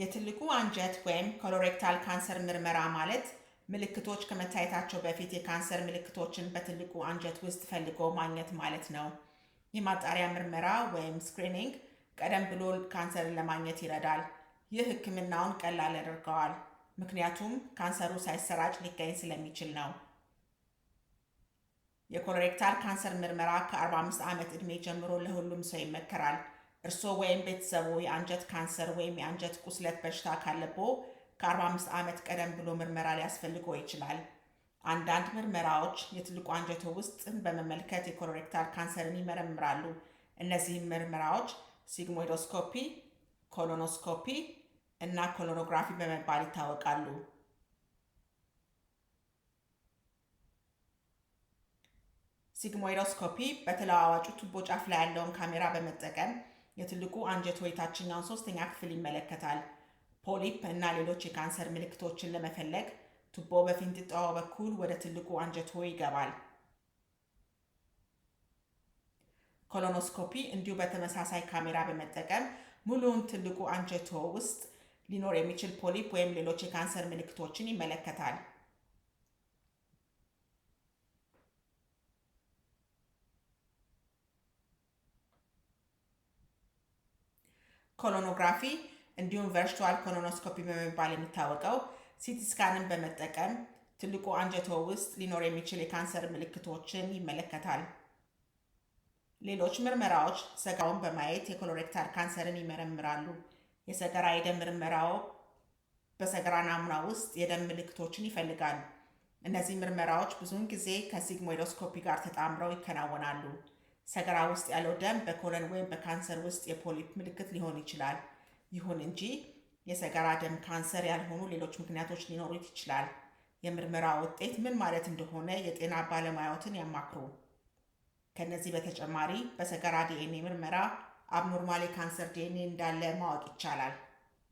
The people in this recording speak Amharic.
የትልቁ አንጀት ወይም ኮሎሬክታል ካንሰር ምርመራ ማለት ምልክቶች ከመታየታቸው በፊት የካንሰር ምልክቶችን በትልቁ አንጀት ውስጥ ፈልጎ ማግኘት ማለት ነው። የማጣሪያ ምርመራ ወይም ስክሪኒንግ ቀደም ብሎ ካንሰርን ለማግኘት ይረዳል። ይህ ሕክምናውን ቀላል ያደርገዋል፣ ምክንያቱም ካንሰሩ ሳይሰራጭ ሊገኝ ስለሚችል ነው። የኮሎሬክታል ካንሰር ምርመራ ከ45 ዓመት ዕድሜ ጀምሮ ለሁሉም ሰው ይመከራል። እርስዎ ወይም ቤተሰቡ የአንጀት ካንሰር ወይም የአንጀት ቁስለት በሽታ ካለቦ ከ45 ዓመት ቀደም ብሎ ምርመራ ሊያስፈልገው ይችላል። አንዳንድ ምርመራዎች የትልቁ አንጀቶ ውስጥን በመመልከት የኮሎሬክታል ካንሰርን ይመረምራሉ። እነዚህም ምርመራዎች ሲግሞይዶስኮፒ፣ ኮሎኖስኮፒ እና ኮሎኖግራፊ በመባል ይታወቃሉ። ሲግሞይዶስኮፒ በተለዋዋጩ ቱቦ ጫፍ ላይ ያለውን ካሜራ በመጠቀም የትልቁ አንጀት ወይ ታችኛውን ሶስተኛ ክፍል ይመለከታል። ፖሊፕ እና ሌሎች የካንሰር ምልክቶችን ለመፈለግ ቱቦ በፊንጢጣው በኩል ወደ ትልቁ አንጀት ሆይ ይገባል። ኮሎኖስኮፒ እንዲሁ በተመሳሳይ ካሜራ በመጠቀም ሙሉውን ትልቁ አንጀቶ ውስጥ ሊኖር የሚችል ፖሊፕ ወይም ሌሎች የካንሰር ምልክቶችን ይመለከታል። ኮሎኖግራፊ እንዲሁም ቨርቹዋል ኮሎኖስኮፒ በመባል የሚታወቀው ሲቲ ስካንን በመጠቀም ትልቁ አንጀቶ ውስጥ ሊኖር የሚችል የካንሰር ምልክቶችን ይመለከታል። ሌሎች ምርመራዎች ሰጋውን በማየት የኮሎሬክታል ካንሰርን ይመረምራሉ። የሰገራ የደም ምርመራው በሰገራ ናሙና ውስጥ የደም ምልክቶችን ይፈልጋል። እነዚህ ምርመራዎች ብዙውን ጊዜ ከሲግሞይዶስኮፒ ጋር ተጣምረው ይከናወናሉ። ሰገራ ውስጥ ያለው ደም በኮለን ወይም በካንሰር ውስጥ የፖሊፕ ምልክት ሊሆን ይችላል። ይሁን እንጂ የሰገራ ደም ካንሰር ያልሆኑ ሌሎች ምክንያቶች ሊኖሩት ይችላል። የምርመራ ውጤት ምን ማለት እንደሆነ የጤና ባለሙያዎትን ያማክሩ። ከነዚህ በተጨማሪ በሰገራ ዲኤንኤ ምርመራ አብኖርማል የካንሰር ዲኤንኤ እንዳለ ማወቅ ይቻላል።